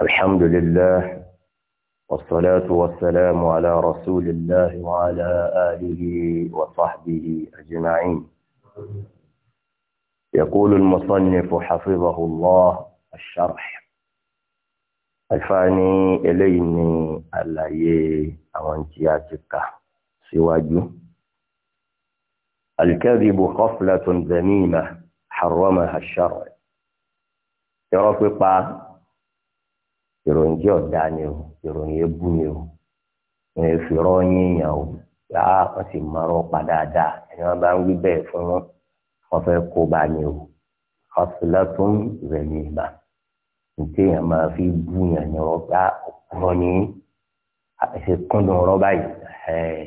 الحمد لله والصلاة والسلام على رسول الله وعلى آله وصحبه أجمعين يقول المصنف حفظه الله الشرح الفاني إليني علي أوانتياتك سواجه الكذب قفلة ذميمة حرمها الشرع يرفق ìròyìn jẹ́ ọ̀dá ni o ìròyìn ebú ni o wọn ò fi rọ́ọ̀yìn èèyàn o yà á wọ́n sì máa rọ́ pa dáadáa ẹni wọ́n bá ń wí bẹ́ẹ̀ fún wọn wọ́n fẹ́ kó bá ni o ọ̀sùlẹ́tún rẹ̀ ní ìgbà nítorí èèyàn máa fi bú yàn ní ọgbà ọ̀pọ̀ ní àṣẹ kúndùn ọ̀rọ̀ báyìí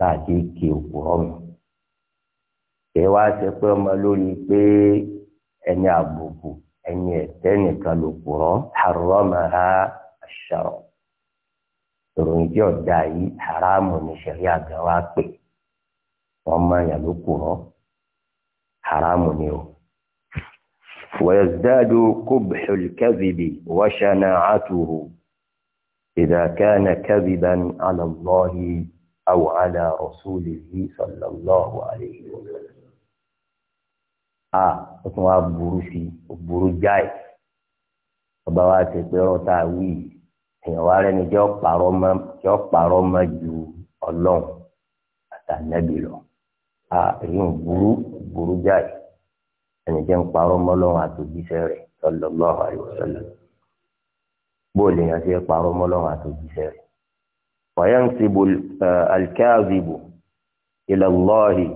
láti kí òkú ọ̀run èèyàn wá ṣe pé ọmọ lórí pé ẹni àbùkù ẹni ẹ̀tẹ́ nìkan ló kùrọ̀ haramaha ash-shar'u ìròyìn tí ọ̀dà yìí haramu ní sẹ̀rí àgbà wa pè wọ́n máa yàn ló kùrọ̀ haramu ni o. ويزداد قبح الكذب وشناعته إذا كان كذبا على الله أو على رسوله صلى الله عليه وسلم a ó tún wá burú sí i burú jáì ọba wa ti pé ọ̀tá wí èèyàn wa rẹni jẹ́ ọ̀pàrọ̀ mọ́ jẹ́ ọ̀pàrọ̀ mọ́ ju ọlọ́run àtànẹ́bì lọ a èyí ń burú burú jáì ẹni jẹ́ ń parọ́ mọ́ ọlọ́run àtòjíṣẹ́ rẹ̀ sallallahu alaihi wasallam bóòlù yẹn ti parọ́ mọ́ ọlọ́run àtòjíṣẹ́ rẹ̀ wọ́n yẹn ń sibu alikazibu ilallahi.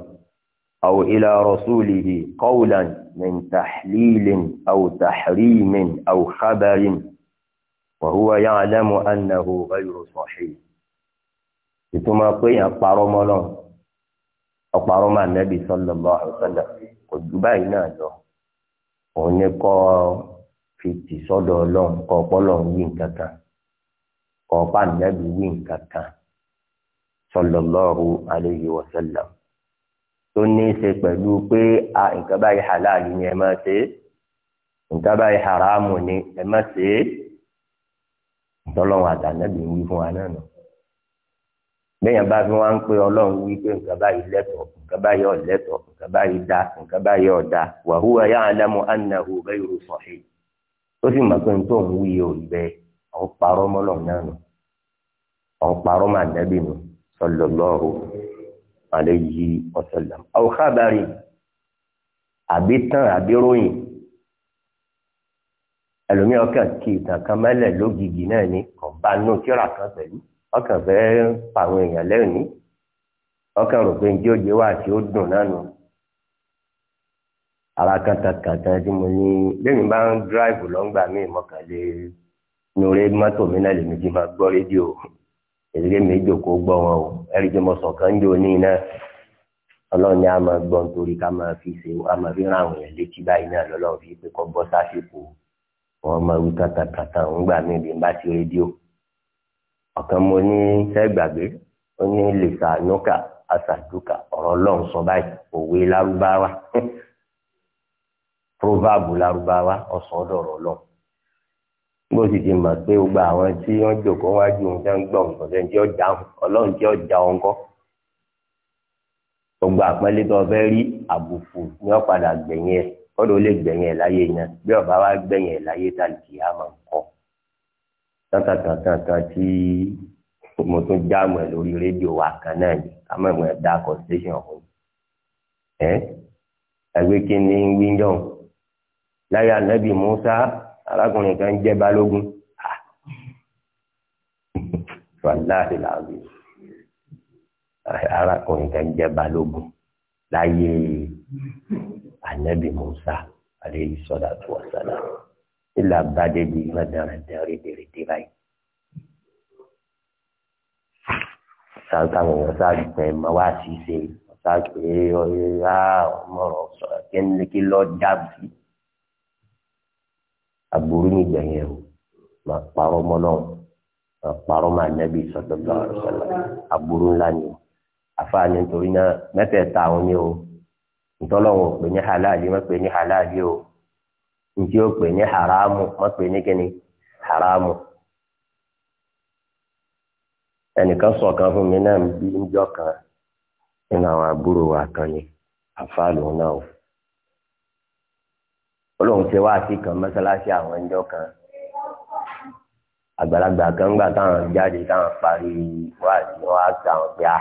أو إلى رسوله قولا من تحليل أو تحريم أو خبر وهو يعلم أنه غير صحيح ìtumọ̀ pé àparọ́ mọ́ lọ́n ọ̀parọ́ máa nẹ́bí sallallahu alaihi wasallam kò jù báyìí náà lọ òun ní kọ́ fi tì sọ́dọ̀ ọlọ́run kọ́ ọpọlọ́ wí nǹkan kan kọ́ ọpá nẹ́bí wí nǹkan kan sallallahu alaihi wasallam tó ní í ṣe pẹ̀lú pé a nǹkan báyìí halali ni ẹ má ṣe é nǹkan báyìí haramu ni ẹ má ṣe é tọ́lọ́run àtànẹ́bí ń wí fún wa náà nù. bẹ́ẹ̀yàn bá fi wá ń pé ọlọ́run wí pé nǹkan báyìí lẹ́tọ̀ọ́ nǹkan báyìí ọ̀lẹ́tọ̀ọ́ nǹkan báyìí dá nǹkan báyìí ọ̀dá wa huwa ya'lamu annahu ghayru sahih ó sì mọ̀ pé n tó ń wí o ìbẹ́ ọ̀n parọ́ parọ́ mọ́ alayhi wa sallam aw khabarin àbí tán àbí ròyìn ẹlòmíràn kan kí ìtàn kan mẹ́lẹ̀ lógìgì náà ni kò bá nù kíra kan pẹ̀lú ọkàn fẹ́ẹ́ pa àwọn èèyàn lẹ́rìn-ín ọkàn rò pé njẹ́ òjò wà tí ó dùn náà nù ara kàtàkàtà tí mo ní lẹ́yìn bá ń dráìbù lọ́ngbà míì mọ́kànlé ní orí mọ́tò mi náà lèmi ti máa gbọ́ rédíò èdè méjì kò gbọ́ wọn o ẹ̀rí tí mo sọ kàn ń jò ní iná ọlọ́run ní a máa gbọ́ nítorí ká máa fi ṣe a máa fi ràn àwọn èèyàn létí báyìí náà lọ́lọ́run fi pé kọ́ bọ́ sásìkò wọn máa wí kàtàkàtà ń gbà mí bí n bá ti rédíò ọ̀kan mo ní sẹ́gbàgbé ó ní lè sàánúkà àsàdúkà ọ̀rọ̀ ọlọ́run sọ báyìí òwe lárúbáwá proverb lárúbáwá ọ̀sán ọ̀dọ̀ ọ̀rọ̀ ọlọ́run bó sì ti mọ̀ pé gbogbo àwọn tí wọ́n jòkó wájú ohun tí wọ́n gbọ́ nǹkan tẹ́ ń tí ó já ọlọ́run tí ó já ohun kọ́ gbogbo àpẹẹlẹ tó fẹ́ rí àbùkù ni wọ́n padà gbẹ̀yìn ẹ̀ kọ́dọ̀ ó lè gbẹ̀yìn ẹ̀ láyé yẹn bí ọba wa gbẹ̀yìn ẹ̀ láyé tá lè yá máa ń kọ́ tán-tán-tán-tán tí mo tún jáàmù ẹ̀ lórí rédíò wa kan náà ni ká mọ̀ ẹ̀ dá constitution ọ̀hún ẹ̀ ẹgbẹ́ kí ni wíńdọ̀n láyé anábì Musa arákùnrin kan jẹ́ balógun wàláhì làbí arákùnrin kan jẹ́ balógun láyé anabi musa aleyhi sọdatu wasala ilà bàdé di mẹdàrẹdà rédèrèdè báyìí sansan wọn sá gbẹ ma wá sí ṣe sá pé ọyẹ ọmọ rẹ sọ kí ló dá sí i aburú nígbẹ̀yìn o máa parọ́ mọ́ náà máa parọ́ máa nẹ́bí sallallahu alaihi wasallam aburú ńlá ni o àfààní nítorí náà mẹ́tẹ̀ẹ̀ta àwọn ni o ntọ́lọ́wọ̀n pè ní halali má pè ní halali o ntí o pè ní haramu má pè ní kíni haramu ẹnìkan sọ̀kan fún mi náà ń bí ń jọ kan nínú àwọn àbúrò wa kan ni àfààní náà o olóhùn ṣe wá sí kan mọ́sálásí àwọn ẹjọ́ kan àgbàlagbà kan gbà táwọn jáde táwọn parí wá sí ah, ah, wọn á ta àwọn pé a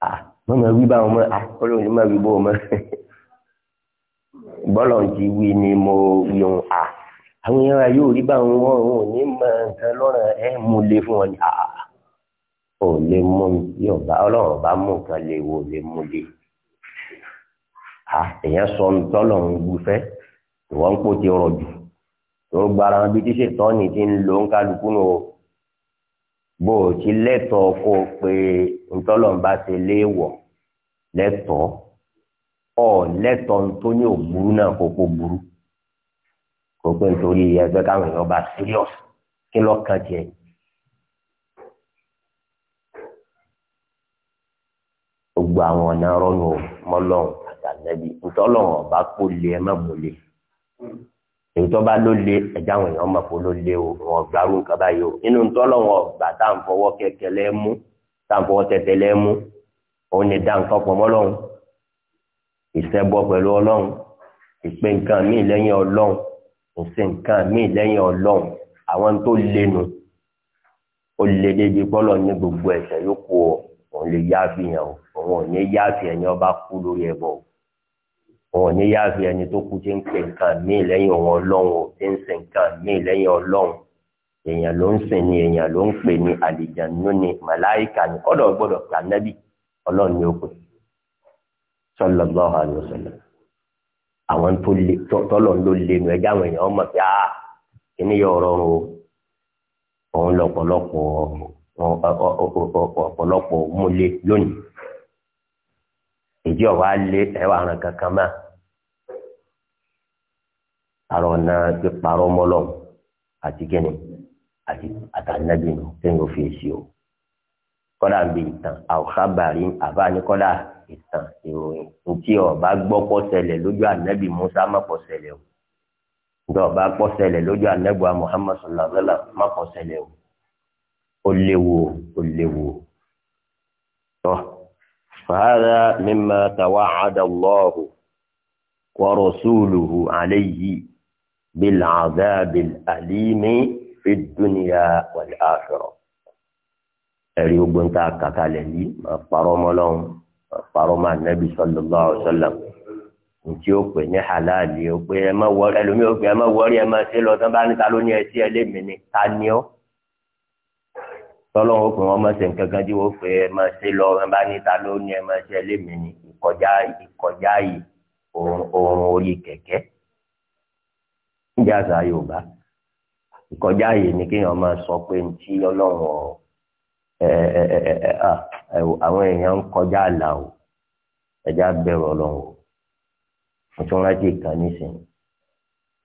a mọ̀mọ́ wí báwọn mọ́ a olóhùn ní mọ̀ wí bó mọ́ bọ́lọ̀ ti wí ni mo wí ohun a ah, àwọn èèyàn yóò rí báwọn wọn ò ní mọ nǹkan lọ́rọ̀ ẹ̀ mú lé fún wọn ni a ò lè mú yóò bá ọlọ́run bá mú nǹkan lè wò lè mú lè a èèyàn sọ ń tọ́lọ̀ ń gbufẹ́ ìwọ́n ń pò ti rọ̀ jù tòrò gbara wọn bí tí ṣètọ́ni ti ń lo ń kálukú nù o bó o ti lẹ́tọ̀ọ́ kó o pé ntọ́lọ́mbà ṣe léèwọ̀ lẹ́tọ̀ọ́ ọ lẹ́tọ̀ọ́ tó ní òburú náà kó kó burú kó pé nítorí ẹgbẹ́ káwọn èèyàn bá serious kí lọ́kàn tiẹ̀. gbogbo àwọn ọ̀nà rọ́nù mọ́lọ́hún àtàlẹ́bí ntọ́lọ́hún ọ̀bá kò lè ẹ má mú lè èyí tó bá ló lé ẹja àwọn èèyàn máa fò ló lé o wọn gbàrú nǹkan báyìí o nínú tọ́lọ̀ wọn gbà tá à ń fọwọ́ kẹ̀kẹ́ lẹ́ mú tá à ń fọwọ́ tẹ̀tẹ̀ lẹ́ mú òun ni dá nǹkan pọ̀ mọ́ lọ́hùn ìṣẹ́bọ pẹ̀lú ọlọ́hun ìpè nǹkan míì lẹ́yìn ọlọ́hun ìṣe nǹkan míì lẹ́yìn ọlọ́hun àwọn tó lẹ́nu ó lé débi bọ́lọ̀ ní gbogbo ẹ̀ṣẹ̀ yókù o òun lè yááfì yẹn o òun ò ní yááfì ẹni ọba kú lórí ẹbọ o. wọn ò ní yáàfi ẹni tó kú tí ń pè nǹkan míì lẹ́yìn òun ọlọ́run ò ń sìn nǹkan míì lẹ́yìn ọlọ́run èèyàn ló ń sìn ni èèyàn ló ń pè ní àlìjànú ní màláìkà kọ́dọ̀ gbọ́dọ̀ ọlọ́run ó pè sallallahu ní wasallam àwọn tó le tọ́lọ̀ ló le àwọn èèyàn ọmọ pé ǹjẹ́ ọ̀wá lé ẹ̀wà ràn kankan mọ́ àrò ọ̀nà ti parọ́ mọ́lọ́ àti kíni àti àtànẹ́bí nù kéyìn ó fi èsì o kọ́dà ń bi ìtàn àwòkábàárí àbá ní kọ́dà ìtàn ìròyìn ntí ọba gbọ́ pọ́sẹ̀lẹ̀ lójú ànẹ́bí Musa má pọ́sẹ̀lẹ̀ o ntí ọba pọ́sẹ̀lẹ̀ lójú ànẹ́bí wa Muhammad sallallahu alaihi wa sallam má pọ́sẹ̀lẹ̀ o ó léwu o ó léwu o فهذا مما توعد الله ورسوله عليه بالعذاب الأليم في الدنيا والآخرة ẹ̀rí ogun tá a kà kalẹ̀ yìí máa parọ́ mọ́ lọ́hùn máa parọ́ mọ́ ànábì sallallahu alaihi wasallam ntí ó pè ní halali ó pé ẹ má wọrí ẹlòmíì ó pè ẹ má wọrí ẹ má ṣe lọ tán bá níta ló ní ẹ sí ẹ lé mi ní ta ni ọ́ tọ́lọ́wọ́ pé wọ́n máa ṣe nǹkan kan tí wọ́n fẹ́ ẹ máa ṣe lọ ẹ bá níta ló ní ẹ máa ṣe lémi ní ìkọjá ìkọjá yìí òòrùn orí kẹ̀kẹ́ níbi àṣà Yorùbá ìkọjá yìí ni kéèyàn máa sọ pé ní tí Ọlọ́run àwọn èèyàn ń kọjá àlà o ẹja bẹ̀rù Ọlọ́run o kan nísìnyí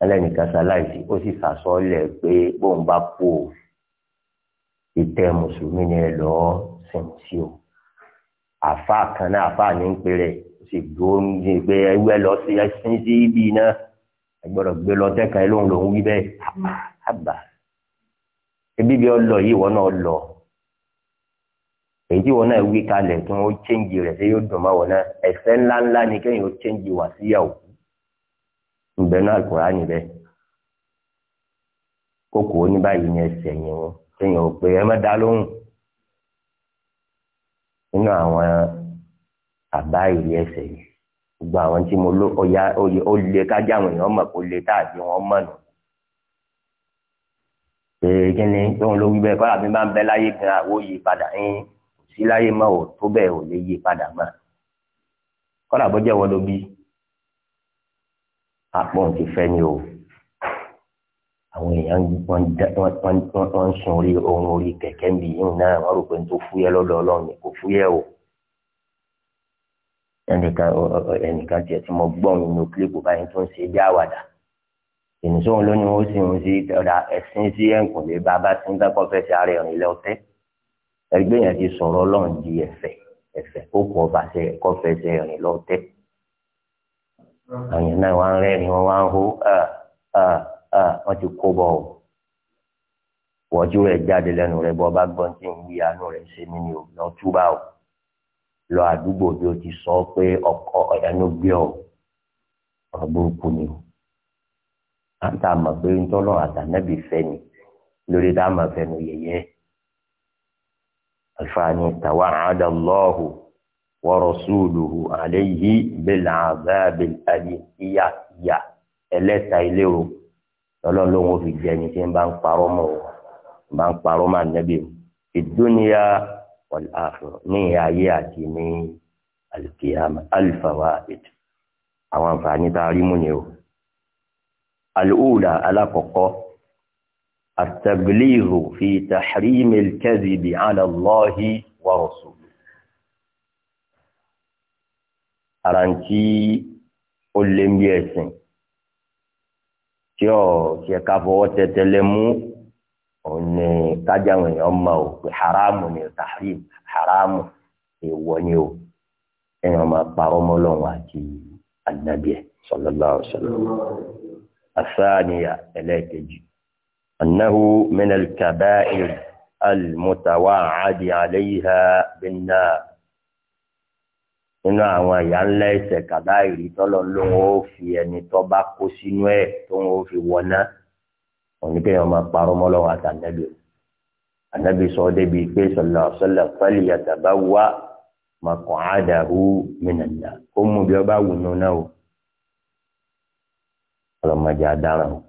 ẹlẹ́nìkan ṣaláìsí ó sì sàsọ́ọ́lẹ̀ pé bóun bá kú o ìtẹ́ mùsùlùmí ni ẹ lọ sẹ̀mù sí o àfa kan náà àfa ní ń pè rẹ̀ ó sì dúró ń gbé pé ẹwẹ́ lọ sí ẹsìn sí ibi náà ẹ gbọ́dọ̀ gbé lọ tẹ́ka ẹ lóhùn lòún wí bẹ́ẹ̀ àbá ebi bí ọ lọ yìí wọn náà lọ èyí tí wọn náà wí kalẹ̀ tí wọn ó chẹ́ǹgì rẹ̀ ṣé yóò dùn mọ́ wọn náà ẹ̀fẹ́ ńláńlá ni kéèyàn ó chẹ́ǹgì wà síyàwó ǹbẹ̀ náà Kùránì bẹ́ẹ̀ kókò ó ní báyìí ni ẹsẹ̀ yẹn wọn èèyàn ò pé ẹ má dá lóhùn nínú àwọn àbá ìrí ẹsẹ̀ yìí gbogbo àwọn tí mo ló ọya ó lé kájà àwọn èèyàn mọ̀ kó lé táàbí wọn mọ̀ nù. ee kí ni tóun ló wí bẹ́ẹ̀ kọ́lá mi máa ń bẹ láyé gan àwo yí padà ń kò sí láyé mọ́ ò tó bẹ́ẹ̀ ò lè yí padà mọ́ kọ́lá bọ́jẹ́ wọ́n ló bí apọ̀ ti fẹ́ ni o àwọn èèyàn wọ́n ń sun orí ohun orí kẹ̀kẹ́ ń bì yín náà wọ́n rò pé n tó fúyẹ́ lọ́dọ̀ ọlọ́run ni kò fúyẹ́ o ẹnìkan tiẹ̀ tí mo gbọ́ nínú kílípù báyìí tó ń ṣe bí àwàdà ìníṣòwò lónìí ó sì ń sí ọ̀dà ẹ̀sìn sí ẹ̀ǹkùnlé bàbá tí ń dákọ̀ fẹ́ ṣe ara ẹ̀rìn lọ́tẹ́ ẹgbẹ́ yẹn ti sọ̀rọ̀ ọlọ́run di ẹ̀fẹ̀ ẹ̀fẹ̀ kó kọ́ bá ṣe ẹ̀kọ́ fẹ́ ṣe ẹ̀rìn lọ́tẹ́ àwọn náà wá rẹ́rìn wọ́n wá ń hó ah, ah, wọ́n ti kó bọ̀ ọ́ wọ́jú rẹ̀ jáde lẹ́nu rẹ̀ bọ́ bá gbọ́n tí ń wí àánú rẹ̀ ṣe mí ni ò lọ túbà ọ́ lọ àdúgbò bí o ti sọ pé ọkọ ẹnu gbé ọ ọ̀rọ̀ burúkú ni o à ń tà mọ̀ pé ń àtànẹ́bì fẹ́ ni lórí tá a mọ̀ fẹ́nu yẹ̀yẹ́ àlùfáàní tàwa àádọ́lọ́hù wa rasuluhu alayhi bil azab al-alim ìyá ìyá ẹlẹ́ta ilé o lọ́lọ́run lóun ò fi jẹ ẹni tí ń bá ń parọ́ mọ́ ọ ń bá ń parọ́ mọ́ ànábì o ìdúnìyà wàláhùn ní ayé àti ní alìkìyàmà alìfàwà ètò àwọn àǹfààní tá a rí mú ni o alùhùlà alákọ̀ọ́kọ́ àtàgbélérò fi tàhírímì kẹ́zìbì àlọ́lọ́hì wọ́rọ̀sù àràǹtí ó lé ń bí ẹ̀sìn tí ọ̀ tiẹ̀ ká fọwọ́ tẹtẹlẹ mú òun ni kájà àwọn èèyàn mọ̀ ò pé haramu ni tahrim haramu èèwọ̀ ni o èèyàn máa parọ́ mọ́ Ọlọ́run àti ànábì ẹ̀ sallallahu alaihi wasallam. الثانية إليكج أنه من الكبائر المتوعد عليها بالنار nínú àwọn ẹ̀yà ńlá ẹ̀ṣẹ̀ kàbá ìrìtọ́lọ́ ló ń ó fi ẹni tó bá kó sínú ẹ̀ tó ń ó fi wọná oníkẹ́yìn ọmọ parọ́ mọ́ lọ́wọ́ àtànẹ́bí ànábì sọ débi pé sọlá sọlá pẹ́lú yàtàbá wá màkàn àdàrú mìnàdà ó mú bí ọba wù nù náà o ọlọmọdé adaràn o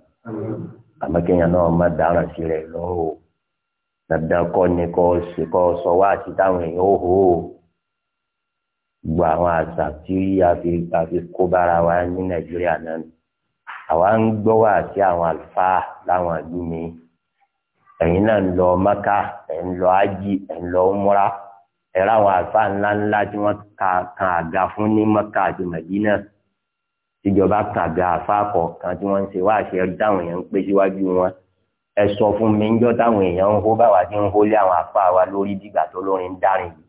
àmọ́kẹ́yìn náà má daràn sí rẹ̀ lọ́wọ́ o dandan kọ́ ni kọ́ sọ wá àti táwọn èèyàn ó hó o gbogbo àwọn àṣà tí a fi a fi kó bára wa ní nàìjíríà náà ni àwa ń gbọ́ wá sí àwọn àlùfáà láwọn ìlú mi ẹ̀yin náà ń lọ mẹ́kà ẹ̀ ń lọ ájì ẹ̀ ń lọ múra ẹ̀rọ àwọn àlùfáà ńláńlá tí wọ́n kan àga fún ní mẹ́kà àti mẹ̀dínà tíjọba kan àga àfáà kọ̀ọ̀kan tí wọ́n ń ṣe wá àṣẹ dáhùn yẹn ń pé síwájú wọn ẹ sọ fún mi ń jọ́ táwọn èèyàn ń hó báwa ti ń hólé àwọn àfáà wa lórí dìgbà tó lórin dárin yìí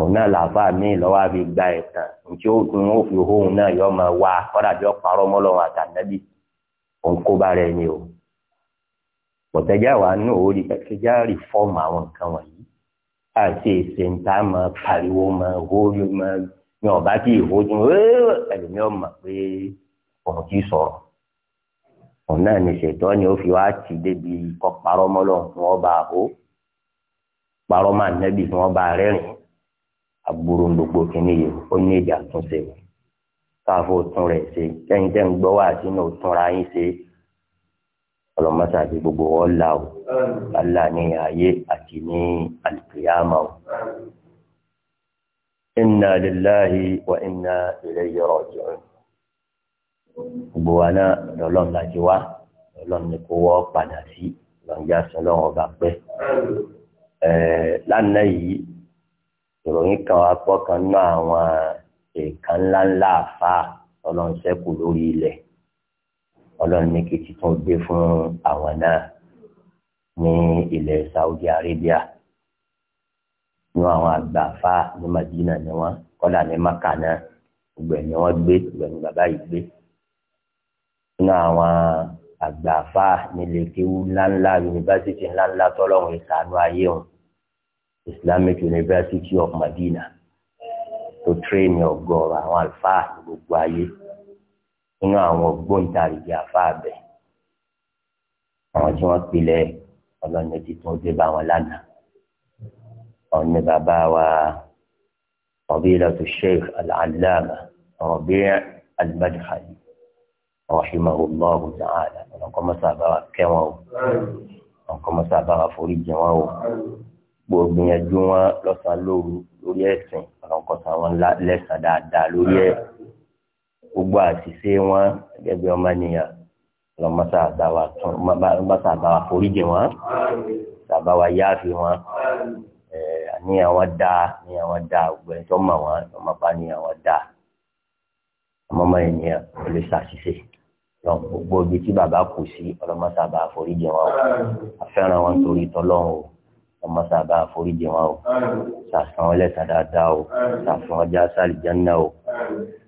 òun náà làáfà míì lọ́wọ́ àfi gba ẹ̀tàn ntí ó gun ó fi hóun náà yọ máa wá kọ́dà bí ó parọ́ mọ́ lọ́wọ́ àtànẹ́bì òun kó bá rẹ̀ ni o pọ̀tẹ́jà wà nù orí pẹ̀tẹ́jà rì fọ́ọ̀mù àwọn nǹkan wọ̀nyí àti ìsèǹtà máa pariwo máa hóorí máa ní ọ̀bá tí ìhójú ẹ̀lùmí ọ̀mà pé òun ti sọ̀rọ̀ òun náà ní ṣètọ́ ni ó fi wá ti débi kọ́ parọ́ mọ́ lọ́wọ́ fún ọba agbóró gbogbo kìíní yìí ó ní èdè àtúnṣe káfó tún rẹ̀ ṣe kẹ́yìn tẹ́ ń gbọ́ wá àti náà túnra yín ṣe ọlọmọta àti gbogbo wọn là ó ní ayé àti ní àlùkìyàmà ó. inna lillahi wa inna ilayhi raji'un. gbogbo wa náà lọ́lọ́run láti wá lọ́lọ́run ní kó wọ́ padà sí lọ́njà sọ́lọ́run ọba pẹ́. lánàá yìí ìròyìn kan apọ́ kan nínú àwọn èèkàn ńláńlá àfa ọlọ́run sẹ́kù lórí ilẹ̀ ọlọ́run ní kí titun dé fún àwọn náà ní ilẹ̀ Saudi Arabia ní àwọn àgbà àfa ní Madina ni wọ́n kọ́lá ní Maka náà gbẹ̀ ni wọ́n gbé gbẹ̀ ni bàbá yìí gbé nínú àwọn àgbà àfa nílé kéwú ńláńlá yunifásitì ńláńlá tọ́lọ́run ìsànú ayé wọn. Islamic University of Medina tó tírèèni ọ̀gọ̀ọ̀rọ̀ àwọn àlùfáà ní gbogbo ayé nínú àwọn ògbóǹtarìgì àfáà bẹ̀ àwọn tí wọ́n pilẹ̀ ọlọ́ni títún dé bá wọn lánàá àwọn ní bàbá wa Fadilatu Sheikh Al-Allama Rabi' Al-Madkhali rahimahullahu ta'ala ọ̀nà kọ́mọ́sà bá wa kẹ́ wọn o ọ̀nà kọ́mọ́sà bá wa forí jẹ wọn o gbogbo gbìyànjú wọn lọ́sàn-án lóru lórí ẹ̀sìn ọ̀nàkọ́sà wọn lẹ́sàn dáadáa lórí ẹ̀ gbogbo àṣìṣe wọn gẹ́gẹ́ bí ọmọ nìyàn lọ mọ́sà àbáwá foríjì wọn sàbáwá yáàfi wọn ní àwọn dáa ní àwọn dáa ọgbẹ́ tó mọ̀ wọn tó mọ̀ bá ní àwọn dáa ọmọọmọ ènìyàn kò lè ṣàṣìṣe lọ́n gbogbo ibi tí bàbá kù sí ọlọ́mọ́sà àbáwá foríjì wọn afẹ́ràn wọn torí tọ́lọ́run o ọmọọsà bá àforíjì wọn o ṣàfihàn ẹlẹ́sàn dáadáa o ṣàfihàn ọjà sálìjánná o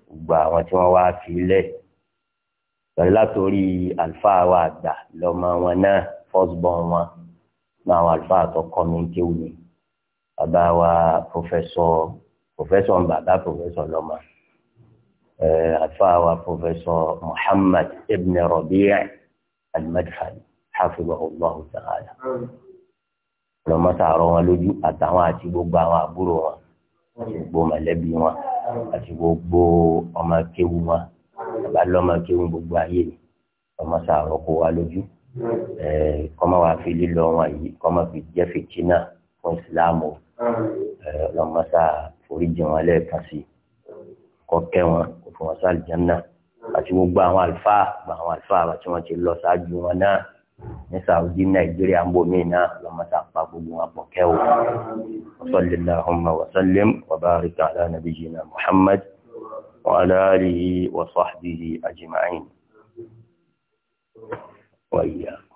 gbogbo àwọn tí wọ́n wá fi lẹ̀ pẹ̀lú látòrí àlùfáà wa àgbà lọ́mọ wọn náà fọ́sbọ̀n wọn ní àwọn àlùfáà tó kọ́ mi ń kéwù ni bàbá wa pòfẹ́sọ̀ pòfẹ́sọ̀ ń bàbá pòfẹ́sọ̀ lọ́mọ àlùfáà wa pòfẹ́sọ̀ Muhammad ibn Rabi' al-Madkhali hafidhahu Allahu ta'ala lọmọsàárọ wọn lójú àtàwọn àti gbogbo àwọn àbúrò wọn gbogbo mọ̀lẹ́bí wọn àti gbogbo ọmọ kéwu wọn bàbá lọmọ kéwu gbogbo ayé ni lọmọsàárọ kó wa lójú kọ́mọ wa fi lílọ wọn yìí kọ́mọ fi jẹ́ fìtínà fún ìsìláàmù lọmọsà foríjì wọn lẹ́ẹ̀kan sí kọ́kẹ́ wọn kò fún wọn sáà jẹ́ àti gbogbo àwọn àlùfáà àwọn àlùfáà àti wọn ti lọ ṣáájú wọn náà. نسعد نجري عن بومينا لما تعطبوا أبوكاو وصل اللهم وسلم وبارك على نبينا محمد وعلى آله وصحبه أجمعين وإياه